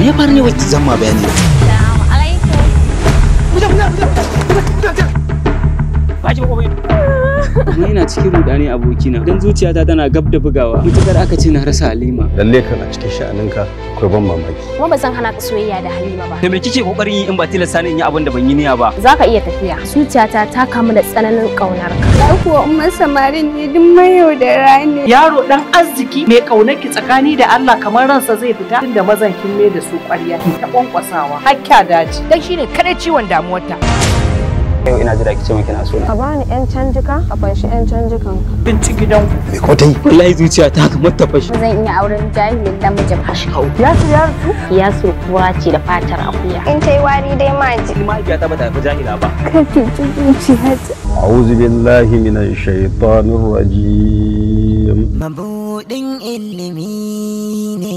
me ya faru ne wacce zan ma bayani Assalamu alaikum. Muja muja muja. kuma yana cikin rudani abokina dan zuciyata tana gab da bugawa mutakar aka ce na rasa halima lalle ka a cikin sha'aninka akwai ban mamaki kuma ba zan hana ka soyayya da halima ba kai me kike kokarin yi in ba tilasta ni in yi abin da ban yi niyya ba zaka iya tafiya zuciyata ta kamu da tsananin kaunar ka ya kuwa umman samarin ne duk mayo da rani yaro dan arziki mai kaunar ki tsakani da Allah kamar ransa zai fita tunda mazan kin ne da su ƙwarya ta kwankwasawa hakka daji dan shine kada ciwon damuwarta yau ina jira ki ce min kina so ka bani yan canjika ka fanshi yan canjikan ci gidan ku. me ko tai wallahi zuciya ta ka mata fashi zan iya auren jahilin dan namijin ashkau ya su ya su ya su kuwa ce da fatar akuya in tai wari dai ma ji. ma mahaifiya ta bata fi jahila ba kafin zuciya ta a'udhu billahi minash shaitanir rajim mabudin ilimi ne